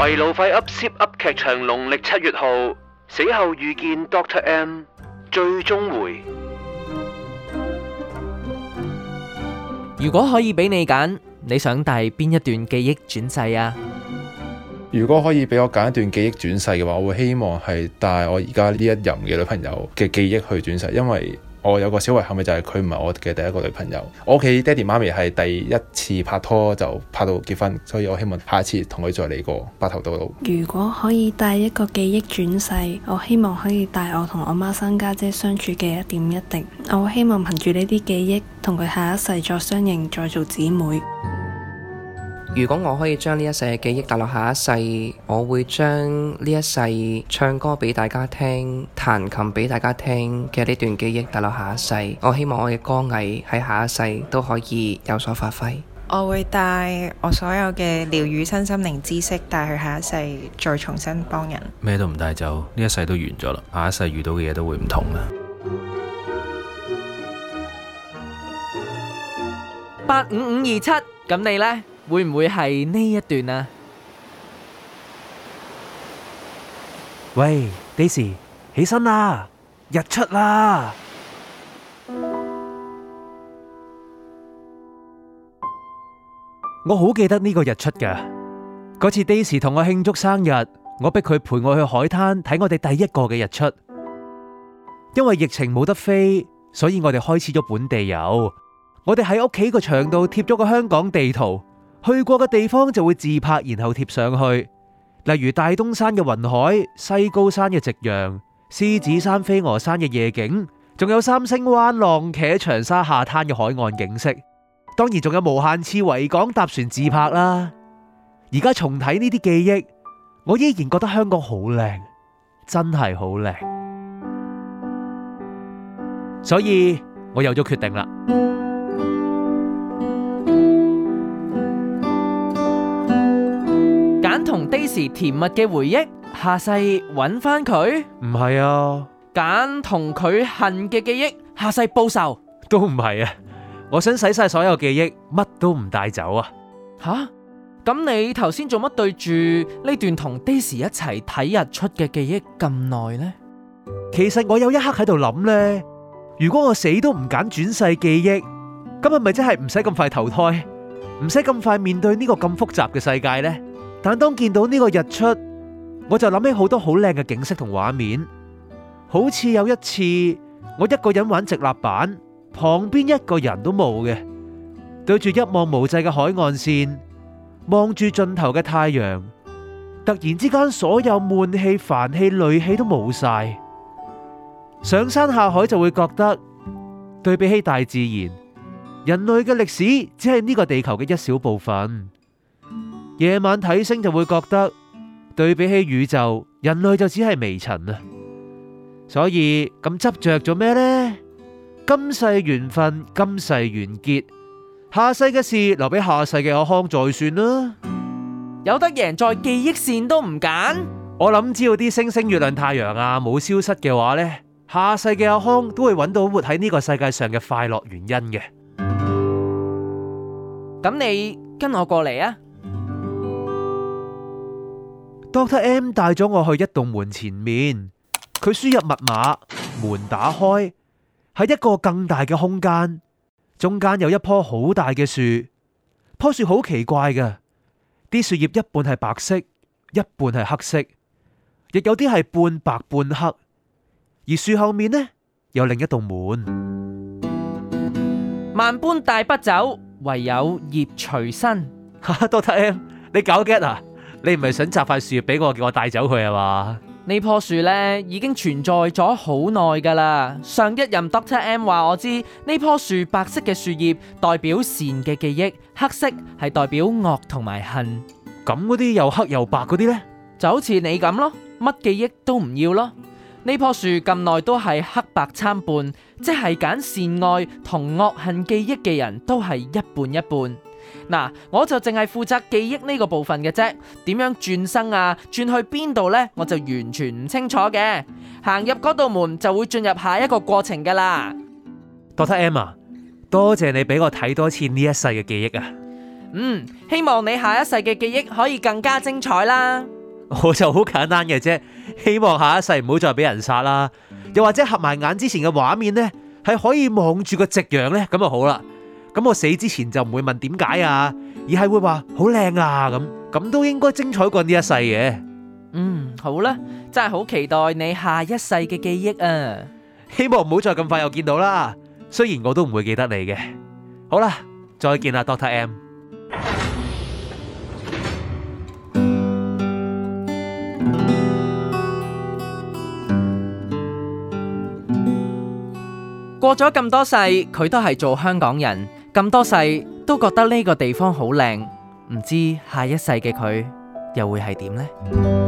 維魯費 Zip 噏劇場農曆七月號死後遇見 Dr. M 最終回。如果可以俾你揀，你想帶邊一段記憶轉世啊？如果可以俾我揀一段記憶轉世嘅話，我會希望係帶我而家呢一任嘅女朋友嘅記憶去轉世，因為。我有個小遺憾，咪就係佢唔係我嘅第一個女朋友。我屋企爹哋媽咪係第一次拍拖就拍到結婚，所以我希望下一次同佢再嚟過，白頭到老。如果可以帶一個記憶轉世，我希望可以帶我同我媽生家姐相處嘅一點一滴。我希望憑住呢啲記憶，同佢下一世再相認，再做姊妹。如果我可以將呢一世嘅記憶帶落下一世，我會將呢一世唱歌俾大家聽，彈琴俾大家聽，嘅呢段記憶帶落下一世，我希望我嘅歌藝喺下一世都可以有所發揮。我會帶我所有嘅療癒身心靈知識帶去下一世，再重新幫人。咩都唔帶走，呢一世都完咗啦，下一世遇到嘅嘢都會唔同啦。八五五二七，咁你呢？會唔會係呢一段啊？喂，Daisy，起身啦，日出啦！ 我好記得呢個日出㗎。嗰次 Daisy 同我慶祝生日，我逼佢陪我去海灘睇我哋第一個嘅日出。因為疫情冇得飛，所以我哋開始咗本地遊。我哋喺屋企個牆度貼咗個香港地圖。去過嘅地方就會自拍，然後貼上去。例如大東山嘅雲海、西高山嘅夕陽、獅子山飛鵝山嘅夜景，仲有三星灣浪茄喺長沙下灘嘅海岸景色。當然仲有無限次維港搭船自拍啦。而家重睇呢啲記憶，我依然覺得香港好靚，真係好靚。所以我有咗決定啦。同 Daisy 甜蜜嘅回憶，下世揾翻佢？唔係啊。揀同佢恨嘅記憶，下世報仇都唔係啊。我想洗晒所有記憶，乜都唔帶走啊。吓，咁你頭先做乜對住呢段同 Daisy 一齊睇日出嘅記憶咁耐呢？其實我有一刻喺度諗呢，如果我死都唔揀轉世記憶，咁係咪真係唔使咁快投胎，唔使咁快面對呢個咁複雜嘅世界呢？但當見到呢個日出，我就諗起好多好靚嘅景色同畫面，好似有一次我一個人玩直立板，旁邊一個人都冇嘅，對住一望無際嘅海岸線，望住盡頭嘅太陽，突然之間所有悶氣、煩氣、累氣都冇晒，上山下海就會覺得對比起大自然，人類嘅歷史只係呢個地球嘅一小部分。夜晚睇星就會覺得對比起宇宙，人類就只係微塵啊！所以咁執着做咩呢？今世緣分，今世完結，下世嘅事留俾下世嘅阿康再算啦。有得贏，在記憶線都唔揀。我諗，只要啲星星、月亮、太陽啊冇消失嘅話呢，下世嘅阿康都會揾到活喺呢個世界上嘅快樂原因嘅。咁你跟我過嚟啊！Doctor M 帶咗我去一道門前面，佢輸入密碼，門打開，喺一個更大嘅空間，中間有一棵好大嘅樹，棵樹好奇怪嘅，啲樹葉一半係白色，一半係黑色，亦有啲係半白半黑，而樹後面呢有另一道門。萬般帶不走，唯有葉隨身。 Doctor M，你搞 get 啊！你唔係想摘塊樹葉俾我，叫我帶走佢啊嘛？呢棵樹呢已經存在咗好耐噶啦。上一任 Doctor M 話我知，呢棵樹白色嘅樹葉代表善嘅記憶，黑色係代表惡同埋恨。咁嗰啲又黑又白嗰啲呢，就好似你咁咯，乜記憶都唔要咯。呢棵樹咁耐都係黑白參半，即係揀善愛同惡恨記憶嘅人都係一半一半。嗱、啊，我就淨係負責記憶呢個部分嘅啫，點樣轉生啊，轉去邊度呢？我就完全唔清楚嘅。行入嗰道門就會進入下一個過程噶啦。Dr.M，多謝你俾我睇多次呢一世嘅記憶啊。嗯，希望你下一世嘅記憶可以更加精彩啦。我就好簡單嘅啫，希望下一世唔好再俾人殺啦。又或者合埋眼之前嘅畫面呢，係可以望住個夕陽呢，咁就好啦。咁我死之前就唔會問點解啊，而係會話好靚啊咁，咁都應該精彩過呢一世嘅。嗯，好啦，真係好期待你下一世嘅記憶啊！希望唔好再咁快又見到啦。雖然我都唔會記得你嘅。好啦，再見啦，Dr. M。過咗咁多世，佢都係做香港人。咁多世都覺得呢個地方好靚，唔知下一世嘅佢又會係點呢？